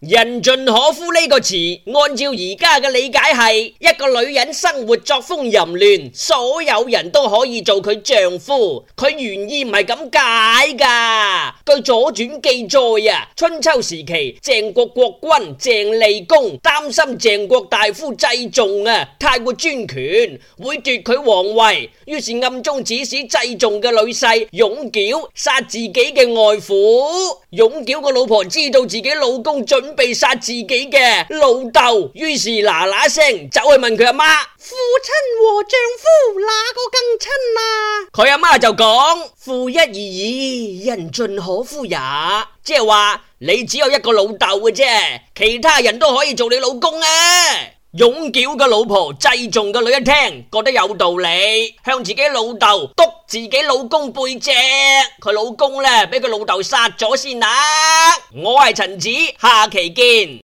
人盡可夫呢個詞，按照而家嘅理解係一個女人生活作風淫亂，所有人都可以做佢丈夫，佢原意唔係咁解㗎。據左傳記載啊，春秋時期鄭國國君鄭厲公擔心鄭國大夫祭仲啊太過專權，會奪佢皇位，於是暗中指使祭仲嘅女婿雍糾殺自己嘅外父。雍糾個老婆知道自己老公準備殺自己嘅老豆，於是嗱嗱聲走去問佢阿媽：父親和丈夫哪個更親啦，佢阿媽就講，父一而已，人盡可夫也，即係話，你只有一個老豆嘅啫，其他人都可以做你老公啊。雍糾個老婆，祭仲個女一聽覺得有道理，向自己老豆督自己老公背脊，佢老公呢，俾佢老豆殺咗先啦、啊。我係陳子，下期見。